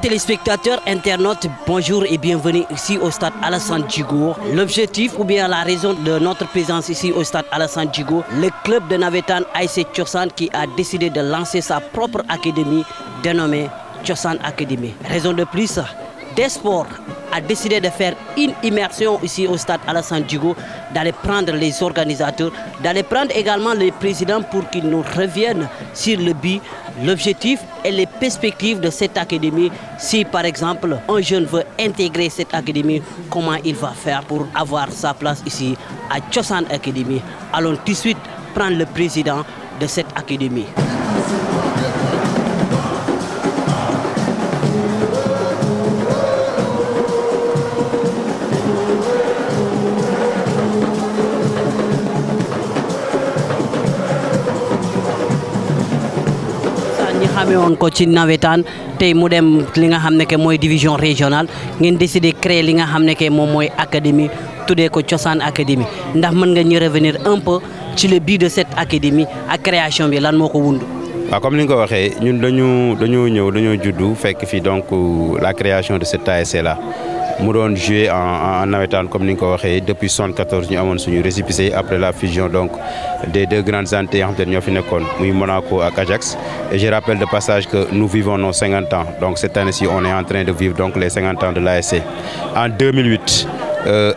téléspectateurs, internautes, bonjour et bienvenue ici au stade Alassane Djigo. L'objectif ou bien la raison de notre présence ici au stade Alassane Djigo, le club de Navetan Aïssé Tchossan qui a décidé de lancer sa propre académie dénommée Tchossan Academy. Raison de plus, Desport a décidé de faire une immersion ici au stade Alassane dugo d'aller prendre les organisateurs, d'aller prendre également les présidents pour qu'ils nous reviennent sur le but, l'objectif et les perspectives de cette académie. Si par exemple un jeune veut intégrer cette académie, comment il va faire pour avoir sa place ici à Tchossan Académie Allons tout de suite prendre le président de cette académie. amee ko ci nawetaan tey mu dem li nga xamne ke moy division régionale ngeen décider créer li nga xamne ke mom moy académie tudé ko cosaan académie ndax mën nga ñu revenir un peu ci le but de cette académie ak création bi lan moko ko wa comme ni nga waxé ñun dañu dañu ñëw dañu juddu fekk fi donc la création de cette ASC là. Nous doon joué en nawetaan comme nous depuis 74 nous avons suñu après la fusion donc des deux grandes entités Monaco et Ajax je rappelle de passage que nous vivons nos 50 ans donc cette année-ci on est en train de vivre donc les 50 ans de l'ASC en 2008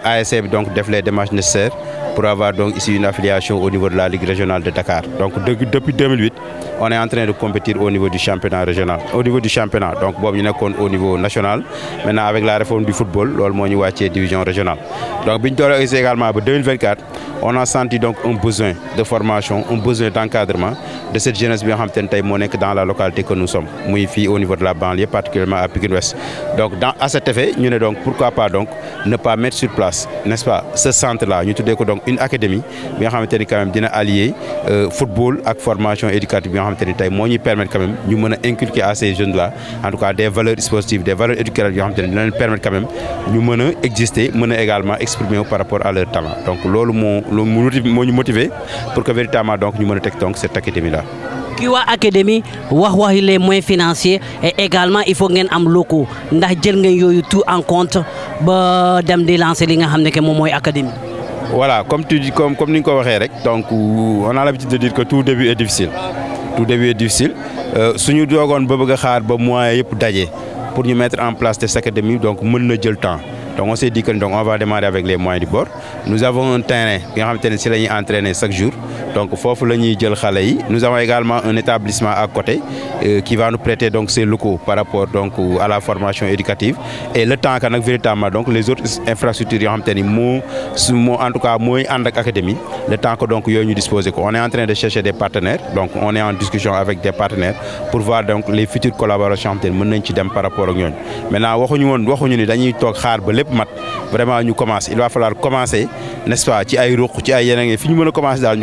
l'ASC euh, a donc les démarches nécessaires pour avoir donc ici une affiliation au niveau de la Ligue régionale de Dakar donc depuis 2008 on est en train de compétir au niveau du championnat régional au niveau du championnat donc Bobina est au niveau national maintenant avec la réforme du football le division régionale donc bi également pour 2024 on a senti donc un besoin de formation un besoin d'encadrement de cette jeunesse bien nga dans la localité que nous sommes au niveau de la banlieue particulièrement à Pikine Ouest donc dans à cet effet donc pourquoi pas donc ne pas mettre sur place n'est-ce pas ce centre là donc une académie bien nga quand même euh, football et formation éducative bien nga xamante nous quand même inculquer à ces jeunes là en tout cas des valeurs sportives des valeurs éducatives yoo quand même nous exister également exprimer par rapport à leur talent donc c'est ce qui pour que véritablement donc ñu donc cette académie là voilà. Kiwa Academy wax il les moyens financiers et également il faut gagner am locaux ndax jël ngeen yoyu tout en compte ba dem di lancer li nga xamné que Voilà comme tu dis comme comme ni ko rek donc on a l'habitude de dire que tout début est difficile tout début est difficile euh, suñu doogoon ba bëgg xaar ba moyens yépp dajé pour ñu mettre en place des académies donc mën na jël temps. Donc on s'est dit que donc on va démarrer avec les moyens du bord. Nous avons un terrain qui est entraîné chaque jour. Donc, nous avons également un établissement à côté euh, qui va nous prêter donc, ses locaux par rapport donc, à la formation éducative. Et le temps qu'on a véritablement, donc, les autres infrastructures, en tout cas, académie, le temps que donc, nous disposons. On est en train de chercher des partenaires, donc on est en discussion avec des partenaires pour voir donc, les futures collaborations par rapport à nous. Maintenant, vraiment nous commencer. Il va falloir commencer, n'est-ce pas,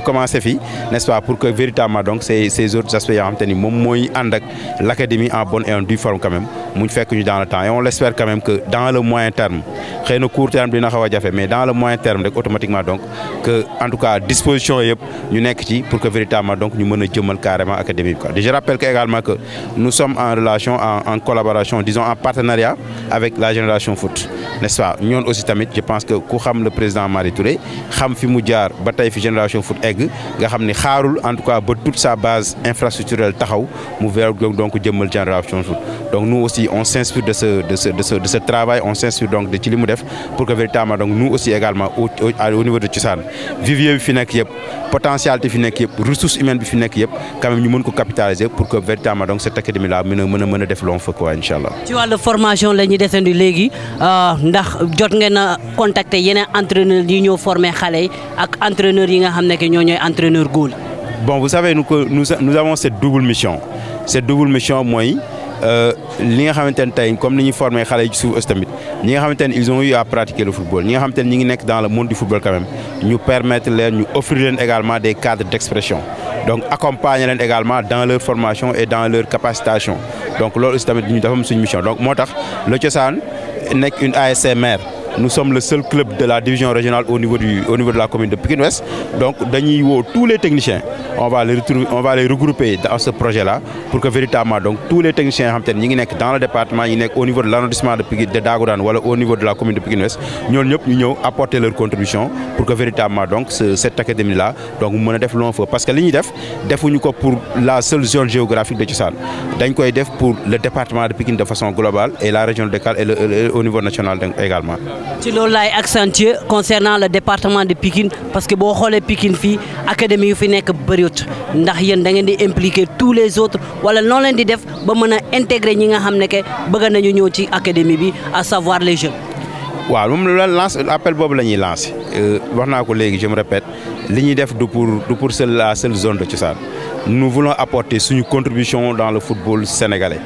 commencer SFI nest pour que véritablement donc ces autres aspects yoo moi en bonne et en due forme quand même dans le temps et on l'espère quand même que dans le moyen terme rien court terme mais dans le moyen terme automatiquement donc que en tout cas disposition est ñu pour que véritablement donc ñu carrément académique je rappelle également que nous sommes en relation en collaboration disons en partenariat avec la génération foot n'est-ce pas ñoon aussi tamit je pense que ku xam le président Mari Touré xam fi mu jaar ba tay fi génération foot egg nga xam ni xaarul en tout cas ba toute sa base infrastructurelle taxaw mu ver donc jëmmal génération foot donc nous aussi on s'inspire de ce de ce de ce de ce travail on s'inspire donc de ci limu def pour que véritablement donc nous aussi également au au niveau de Tissane vivier bi fi nek yépp potentialité fi nek yépp ressources humaines bi fi nek yépp quand ñu mën ko capitaliser pour que véritablement donc cette académie là mën mëna faire def long feu quoi inshallah tu vois la formation les ñuy légui léegi. Euh, ndax jot ngeen contacter yeneen entraîneurs yi ont formé xale ak entraîneurs yi nga été ne que entraîneur bon vous savez nous nous nous avons cette double mission cette double mission moi, euh, li nga xamante ne comme ni ñuy formé les yi ci suuf tamit ñi nga ils ont eu à pratiquer le football ñi nga xamante ñi ngi nekk dans le monde du football quand même ñu permettre leen ñu offrir également des cadres d'expression donc accompagner leen également dans leur formation et dans leur capacitation donc loolu aussi tamit ñu dafa am mission donc moi, le cosaan n'est qu'une ASMR. Nous sommes le seul club de la division régionale au niveau, du, au niveau de la commune de Pékin-Ouest. Donc, tous les techniciens, on va les, on va les regrouper dans ce projet-là pour que véritablement, donc, tous les techniciens dans le département, au niveau de l'arrondissement de, de Dagodan ou au niveau de la commune de Pékin-Ouest, nous apporter leur contribution pour que véritablement, donc, cette académie-là, donc, nous avons fait Parce que nous pour la seule zone géographique de Tchassan. Nous avons pour le département de Pékin de façon globale et la région de Cal et au niveau national également ci l'as accentué concernant le département de Pikine parce que si on Pikine fii académie yu fi très bëriwut ndax impliquer tous les autres Ou non leen di def ba intégrer les gens qui ont que bëgg nañu l'académie, à savoir les jeunes. waaw moom lance appel bob euh, je me répète li ñuy def pour du pour la zone de cosaan nous voulons apporter une contribution dans le football sénégalais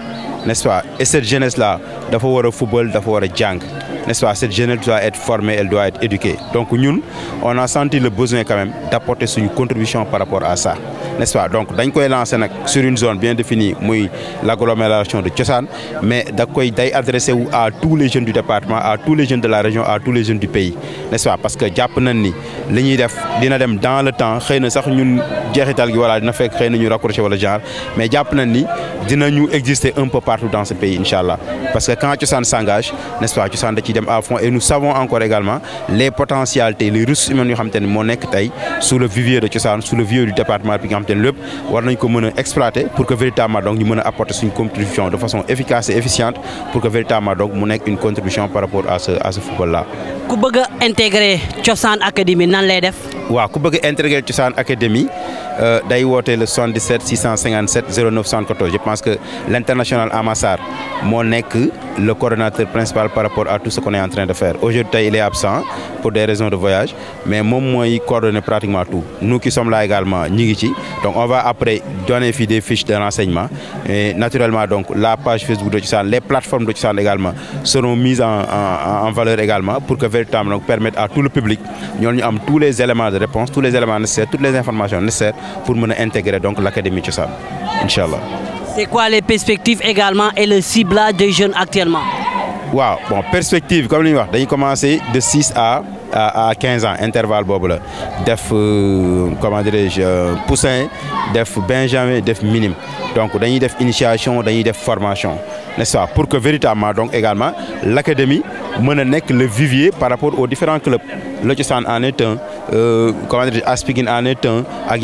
n'est-ce pas et cette jeunesse là faut faire le football faut faire le jang n'est-ce pas, cette jeunesse doit être formée, elle doit être éduquée. Donc nous, on a senti le besoin quand même d'apporter une contribution par rapport à ça. N'est-ce pas Donc on koy lancé sur une zone bien définie la l'agglomération de Thiossane mais on koy adressé à tous les jeunes du département à tous les jeunes de la région à tous les jeunes du pays n'est-ce pas parce que jàpp nañ ni def dina dem dans le temps on sax ñun jeexital gi voilà dina fekk xëy ñu raccroché wala mais jàpp nañ ni exister un peu partout dans ce pays inshallah parce que quand Thiossane s'engage n'est-ce pas Thiossane et nous savons encore également les potentialités les ressources humaines ont xam te sous le vivier de Tchessan, sous le vivier du département bi nga xam te exploiter pour que véritablement donc ñu apporter contribution de façon efficace et efficiente pour que véritablement donc mu une contribution par rapport à ce football là. ku bëgg intégrer académie nan lay intégrer euh, le 77 657 0914 je pense que l'international Amassar mon le coordonnateur principal par rapport à tout ce qu'on est en train de faire aujourd'hui il est absent pour des raisons de voyage mais moi, il coordonne pratiquement tout nous qui sommes là également donc on va après donner des fiches de renseignement et naturellement donc la page Facebook de Tussan, les plateformes de Tussan également seront mises en, valeur également pour que véritablement donc permettre à tout le public nous ñu tous les éléments de réponses, tous les éléments nécessaires, toutes les informations nécessaires pour mener intégrer donc l'Académie Inch'Allah. C'est quoi les perspectives également et le ciblage des jeunes actuellement Waouh! bon, perspective, comme nous avons commencé de 6 à à 15 ans intervalle bobble. Des, def euh, comment dirais-je euh, poussin def benjamin def minime donc dañuy def initiation dañuy def formation n'est-ce pas pour que véritablement donc également l'académie mën le vivier par rapport aux différents clubs le Cosaan en est un euh, comment dire Aspigin en est un ak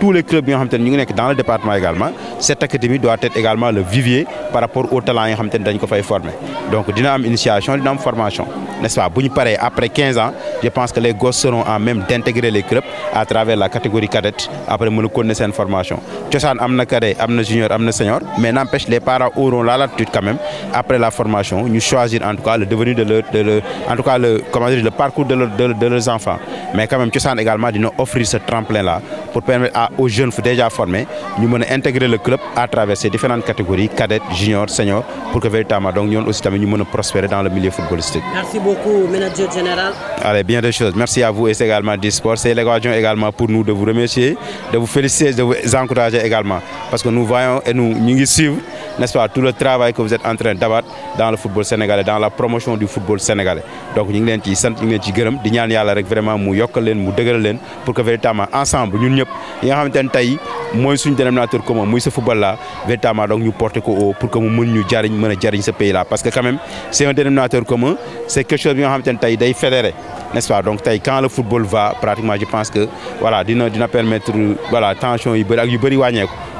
tous les clubs qui xam dans le département également cette académie doit être également le vivier par rapport aux talents qui xam te former donc dina initiation dina formation n'est-ce pas après 15 ans je pense que les gosses seront en même d'intégrer les clubs à travers la catégorie cadette après mën a continuer formation Cosaan Amna na cadet am junior Amna senior mais n'empêche les parents auront la latitude quand même après la formation nous choisir en tout cas le devenir de leur, en tout cas le, comment dire, le parcours de, leurs enfants. Mais quand même, tu sens également de nous offrir ce tremplin-là pour permettre aux jeunes déjà formés nous intégrer le club à travers ces différentes catégories, cadets, juniors, seniors, pour que véritablement nous aussi nous prospérer dans le milieu footballistique. Merci beaucoup, manager général. Allez, bien des choses. Merci à vous et c'est également sport. C'est l'occasion également pour nous de vous remercier, de vous féliciter, de vous encourager également. Parce que nous voyons et nous, nous suivons, n'est-ce pas, tout le travail que vous êtes en train d'abattre dans le football sénégalais, dans la promotion du football sénégalais donc ñu ngi leen ci sant ñu ngi leen ci gërëm di vraiment mu yokkal leen mu pour que véritablement ensemble ñun ñëpp yi nga xamante ne tey suñu dénominateur commun muy ce football là véritablement donc ñu porter pour que mu mën ñu jariñ mën ce pays là parce que quand même c'est un dénominateur commun c'est quelque chose bi n'est-ce pas donc quand le football va pratiquement je pense que voilà dina dina permettre voilà tension yu bëri ak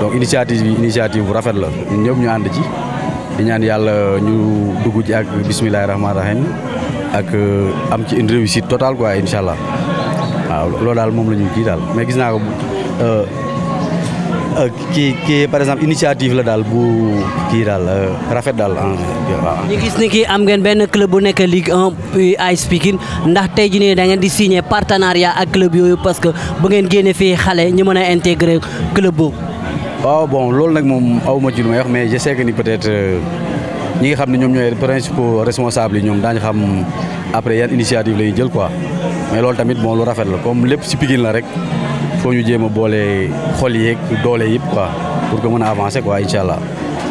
donc initiative bi initiative bu rafet la ñun ñëpp ñu ànd ci di ñaan yàlla ñu dugg ci ak bisimilah rahmaani rahim ak euh, am ci une réussite totale quoi allah waaw loolu daal moom la ñu kii daal mais gis naa ko euh, euh, kii kii par exemple initiative la daal bu kii daal rafet daal ah, waaw. ñu gis ni kii am ngeen benn club bu nekk Ligue 1 puis ndax tey jii ni da ngeen di signer partenariat ak club yooyu parce que bu ngeen génnee fii xale ñu mën a intégrer club boobu. waaw bon loolu nag moom aw ma lu may mais je sais ni peut-être euh, ñi nga xam ne ñoom ñooy principaux responsables yi ñoom daañu xam après yan initiative lay jël quoi mais loolu tamit moo lu rafet la comme lépp si Pikine la rek foo ñu jéem a boole xol yeeg doole yëpp quoi pour que mën a avancer ko incha allah.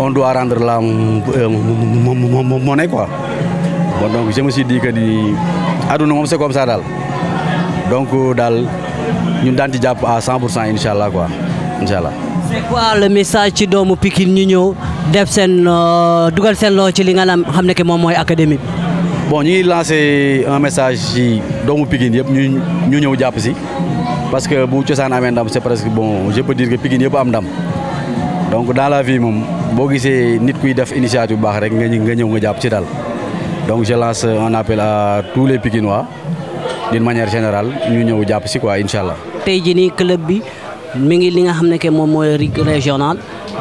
on doit rendre la euh, monnaie quoi bon donc je me suis dit que ni aduna moom daal donc euh, daal ñun daan ci jàpp à 100 pour cent incha allah quoi incha allah. c'est quoi le ci doomu Pikine ñu ñëw def seen euh, dugal seen loo ci li nga xam ne que moom mooy académie bi. bon ñu ngi lancé message ci doomu Pikine yëpp ñu ñu ñëw jàpp si parce que bu cosaan amee ndam c'est presque bon je peux dire que Pikine yëpp am dam donc dans la vie moom. boo gisee nit kuy def initiative bu baax rek nga nga ñëw nga jàpp ci daal donc je lance un appel à tous les Pikinois d'une manière générale ñu ñëw jàpp si quoi incha allah. tey jii nii club bi mi ngi li nga xam ne que moom mooy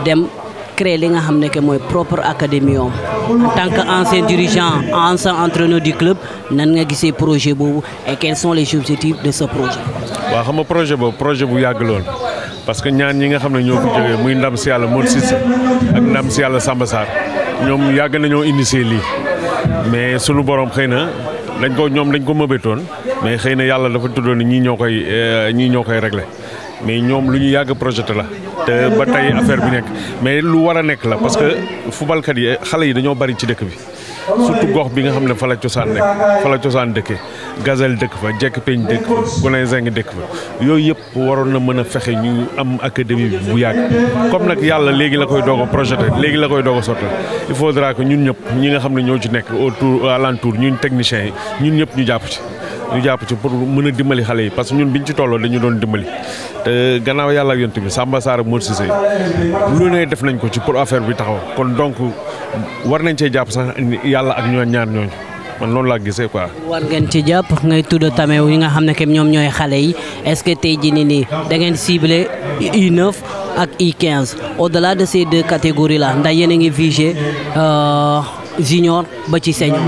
dem créer li nga xam ne que mooy propre académie om en tant que ancien dirigeant ancien entraîneur du club nan nga gisee projet boobu et quels sont les objectifs de ce projet. waaw xam nga projet boobu projet bu yàgg lool parce que ñaan ñi nga xam ne ñoo muy ndam si yàlla Modou ndam si yàlla Samba Sarr ñoom yàgg nañoo initier lii mais sunu borom xëy na dañ ko ñoom dañ ko mëbëtoon mais xëy na yàlla dafa tuddoon ni ñii ñoo koy eh, ñii ñoo koy réglé mais ñoom lu ñu yàgg projeté la te ba tey affaire bi nekk mais lu war a nekk la parce que footballkat yi xale yi dañoo bari ci dëkk bi. surtout gox bi nga xam ne fa la cosaan nekk fa la dëkke gazel dëkk fa jekk peñ dëkk fa dëkk fa yooyu yëpp waroon na mën a fexe ñu am académie bi bu yàgg comme nag yàlla léegi la koy doog a projeté léegi la koy doog a sotti il faudra que ñun ñëpp ñi nga xam ne ñoo ci nekk autour alentour ñun techniciens yi ñun ñëpp ñu jàpp ci ñu jàpp ci pour mën a dimbali xale yi parce que ñun biñ ci tolloo dañu doon dimbali te gannaaw yàlla ak yontu bi Samba Sarr ak Mor Cissé lu ne bi taxaw war nañ cee jàpp sax yàlla ak ñoo ñaar ñooñu man loolu la gisee quoi. war ngeen ci jàpp ngay tudd tamit yi nga xam ne kem ñoom ñooy xale yi est-ce que tey jii nii nii da ngeen ciblé U9 ak U15 au de ces deux catégories là ndax yéen a ngi vigé euh, junior ba ci senior.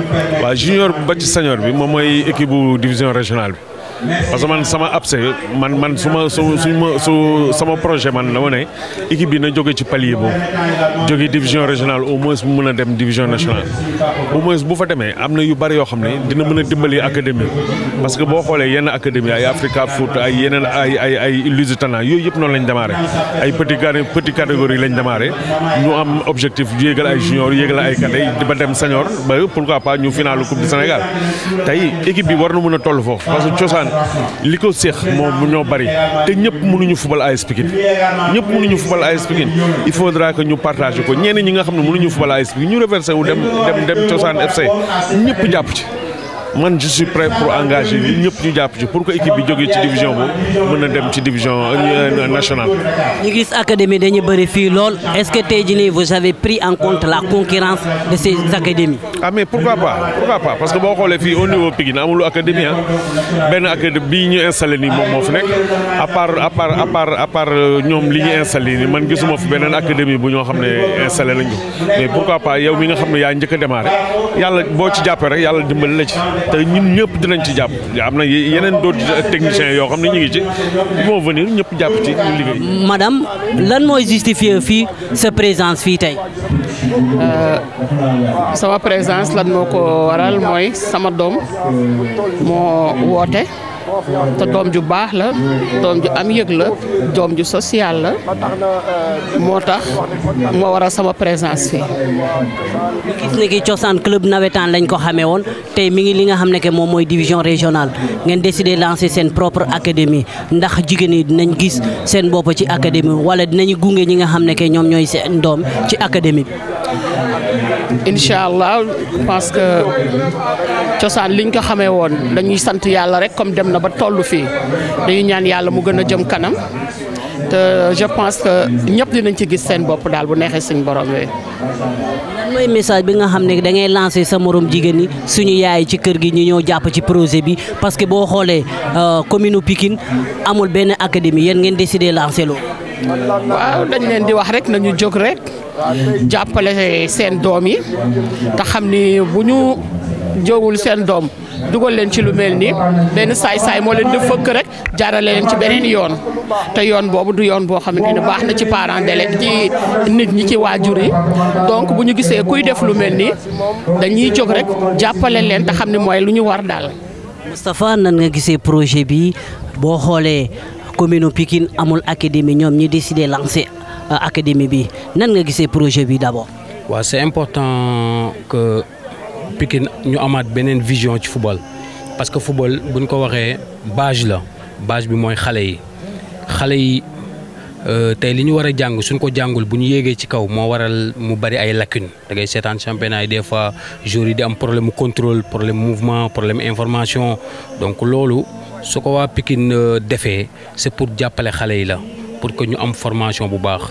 waaw junior ba ci bi moom mooy équipe bu division régionale bi. parce que man sama abse man man su ma su ma sama projet man dama ne équipe bi na joge ci palier boobu jóge division régionale au moins mu mën a dem division nationale au moins bu fa demee am na yu bari yoo xam ne dina mën a dimbali académie parce que boo xoolee yenn académie ay Africa Foot ay yenn ay ay ay Lusitana yooyu yëpp noonu lañu démarré ay petit petit catégorie lañ démarré ñu am objectif yéegal ay junior yéegal ay cadet di ba dem senior ba pourquoi pas ñu fi coupe du Sénégal tey équipe bi war na mën a toll foofu Sénégal li ko séex moom ñoo bari te ñëpp mënuñu fubal AS Pikine ñëpp mënuñu fubal AS Pikine il faudra que ñu partager ko ñeneen ñi nga xam ne mënuñu fubal AS Pikine ñu reversé wu dem dem dem cosaan FC ñëpp jàpp ci. man je suis prêt pour engager ñun ñëpp ñu jàpp ci pour que équipe bi jógee ci division boobu mën na ci division euh, nationale. ñu gis académie dañu bëri fii lool est-ce que tey vous avez pris en compte la concurrence de ces académies. ah mais pourquoi pas pourquoi pas parce que boo xoolee fii au niveau Pikine amul académie ah benn académie bii ñu installé nii moom moo fi nekk à part à part à part à part euh, ñoom li ñu installé nii man gisuma fi beneen académie bu ñoo xam ne installé mais pourquoi pas yow mi nga xam ne yaa njëkk a démarré yàlla boo ci jàppee rek yàlla dimbali la ci. te ñun ñëpp dinañ ci jàpp am na yeneen d'autres techniciens yoo xam ne ñu ngi ci moo venir ñëpp jàpp ci ñu lan mooy justifier fii sa présence fii tey. Euh, sama présence lan moo ko waral mooy sama doom moo woote. te doom ju baax la doom ju am yëg la doom ju social la moo tax moo waral sama présence fii. ñu gis ne ki cosaan club nawetaan lañ ko xamee woon tey mi ngi li nga xam ne que moom mooy division régionale ngeen décidé lancer seen propre académie ndax jigéen yi dinañ gis seen bopp ci académie wala dinañu gunge ñi nga xam ne que ñoom ñooy seen doom ci académie bi. incha allah parce que cosaan liñ ko xamee woon dañuy sant yàlla rek comme dem na ba tollu fii dañuy ñaan yàlla mu gën a jëm kanam te je pense que ñëpp dinañ ci gis seen bopp daal bu neexee suñ borom yooyu. mooy message bi nga xam ne da ngay sa morom jigéen ñi suñu yaay ci kër gi ñu ñëw jàpp ci projet bi parce que boo xoolee euh, commune Pikine amul benn académie yéen ngeen décidé lancé loolu. waaw dañ leen di wax rek nañu jóg rek jàppale seen doom yi te xam ni bu ñu jógul seen doom dugal leen ci lu mel nii benn saay-saay moo leen di fëkk rek jaarale leen ci beneen yoon te yoon boobu du yoon boo xamante ne baax na ci parents d'élèves ci nit ñi ci waajur yi donc bu ñu gisee kuy def lu mel nii dañuy jóg rek jàppale leen te xam ne mooy lu ñu war daal. Moustapha nan nga gisee projet bi boo xoolee. commune Pikine amul académie ñom ñi décidé lancer euh, académie bi nan nga gissé projet bi d'abord. wa c'est important que Pikine ñu amat benen vision ci football parce que football buñ ko waxé base la base bi moy xalé yi xalé yi euh, tey li ñu wara jang suñ ko jangul buñ yégué ci kaw mo waral mu bari ay lacunes da ngay sétane championnat yi des fois jour yi di am problème contrôle problème mouvement problème information donc lolu su ko waa Pikine euh, défait c'est pour jàppale les yi la pour que ñu am formation bu baax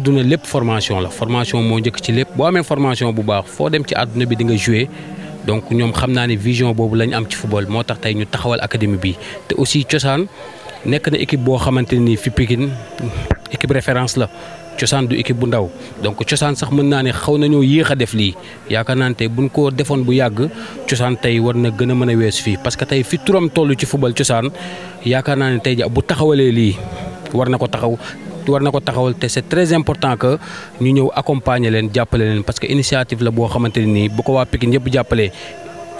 donner lépp formation la formation moo que ci lépp boo amee formation bu baax foo dem ci àdduna bi di nga jouer donc nous xam naa vision boobu la am ci football moi tax tey ñu taxawal académie bi aussi aussi cosaan nekk na équipe boo xamante ni fi Pikine équipe référence la. cosaan du équipe bu ndaw donc cosaan sax mën naa ne xaw nañoo yéex a def lii yaakaar naa ne tey buñ ko defoon bu yàgg cosaan tey war na gën a mën a weesu fii parce que tey fi turam toll ci football cosaan yaakaar naa ne tey jii bu taxawalee lii war na ko taxaw war na ko taxawal te c'est très important que ñu ñëw accompagner leen jàppale leen parce que initiative la boo xamante ne nii bu ko waa Pikine ñëpp jàppalee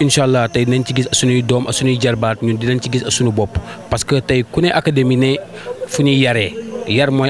incha allah tey dinañ ci gis suñuy doom ak suñuy jarbaat ñun dinañ ci gis suñu bopp parce que tey ne fu ñuy yar mooy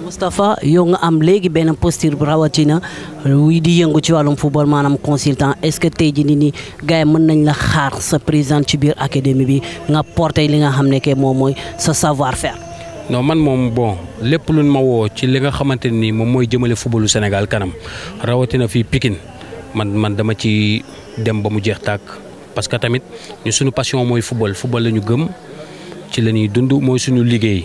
Mustafa, yong am legi benn postir bu rawatina wuy di yëngu ci wàllum football maanaam consultant est ce que tey jii nii nii gars nañ la xaar sa président ci biir bi nga porté li nga xam ke moom sa savoir faire. non man moom bon lépp luñ ma woo ci li nga xamante ni moom mooy jëmale footballu Sénégal kanam rawatina fii Pikine man man dama ci dem ba mu jeex tàkk parce que tamit ñu suñu passion football football la gëm ci la ñuy dund suñu liggéey.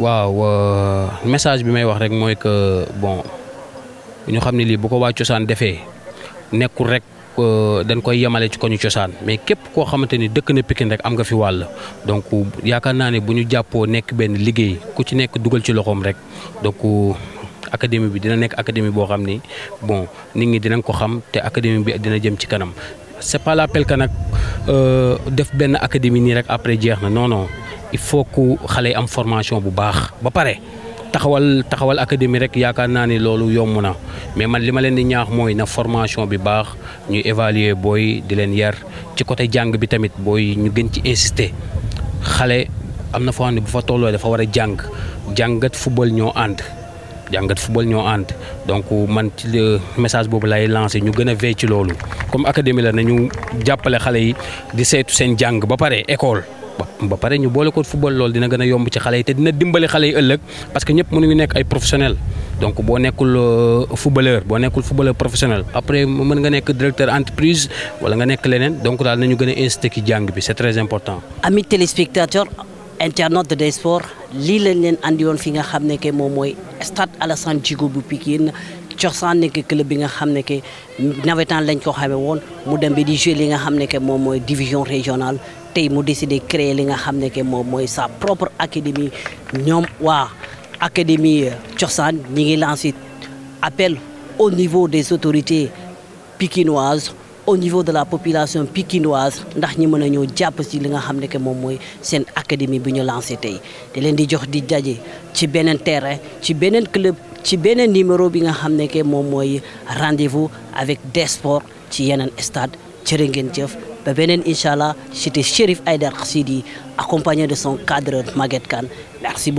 waaw euh, message bi may wax rek mooy que bon ñu xam ne lii bu ko waa cosaan defee nekkul rek euh, dañ koy yemale ci koñu cosaan mais képp koo xamante ni dëkk na pikin rek am nga fi wàll donc yaakaar naa ne bu ñu jàppoo nekk benn liggéey ku ci nekk dugal ci loxoom rek donc académie bi dina nekk académie boo xam ni bon nit ñi dinañ ko xam te académie bi dina jëm ci kanam c'est pas pel que nag euh, def benn académie nii rek après jeex na noonoo il faut que xale yi am formation bu baax ba pare taxawal taxawal académie rek yaakaar naa ni loolu yomb na mais man li ma leen di ñaax mooy na formation bi baax ñu évaluer booy di leen yar ci côté jàng bi tamit booy ñu gën ci insister xale am na foo xam ne bu fa tolloo dafa war a jàng jàngat football ñoo ànd jàngat football ñoo ànd donc man ci message boobu lay lancé ñu gën a veille ci loolu comme académie la ñu jàppale xale yi di saytu seen jàng ba pare école. ba paré ñu bolé ko football lool dina gëna yomb ci xalé yi te dina dimbali xalé yi ëllëg parce que ñëpp mënuñu nekk ay professionnel donc bo nekkul euh, footballeur bo nekkul footballeur professionnel après mën nga nekk directeur entreprise wala nga nekk leneen donc dal nañu gëna a incité ki jàng bi c'est très important. ami téléspectateur internautes des sports lii lañ leen andi woon fi nga xam ne que moom mooy stade Alassane Djigo bu Pikine cosaan nekk club bi nga xam ne que nawetaan lañ ko xamee woon mu dem bi di jouer li nga xam ne que moom mooy division régionale tey mu décidé créer li nga xamné ne mom moy sa propre académie ñom wa académie euh, cosaan ñi ngi lancé appel au niveau des autorités pikinoises au niveau de la population pikinoise ndax ñi mëna a japp ci li nga xamné ne mom moy sen académie bi ñu lancé tey di leen di jox di dajé ci benen terrain ci benen club ci benen numéro bi nga xamné ne mom moy rendez-vous avec des sports ci yenen stade ci ngeen jëf ba Inch'Allah, c'était Shérif Aïdar Sidi accompagné de son cadre Maguette Khan. merci beaucoup.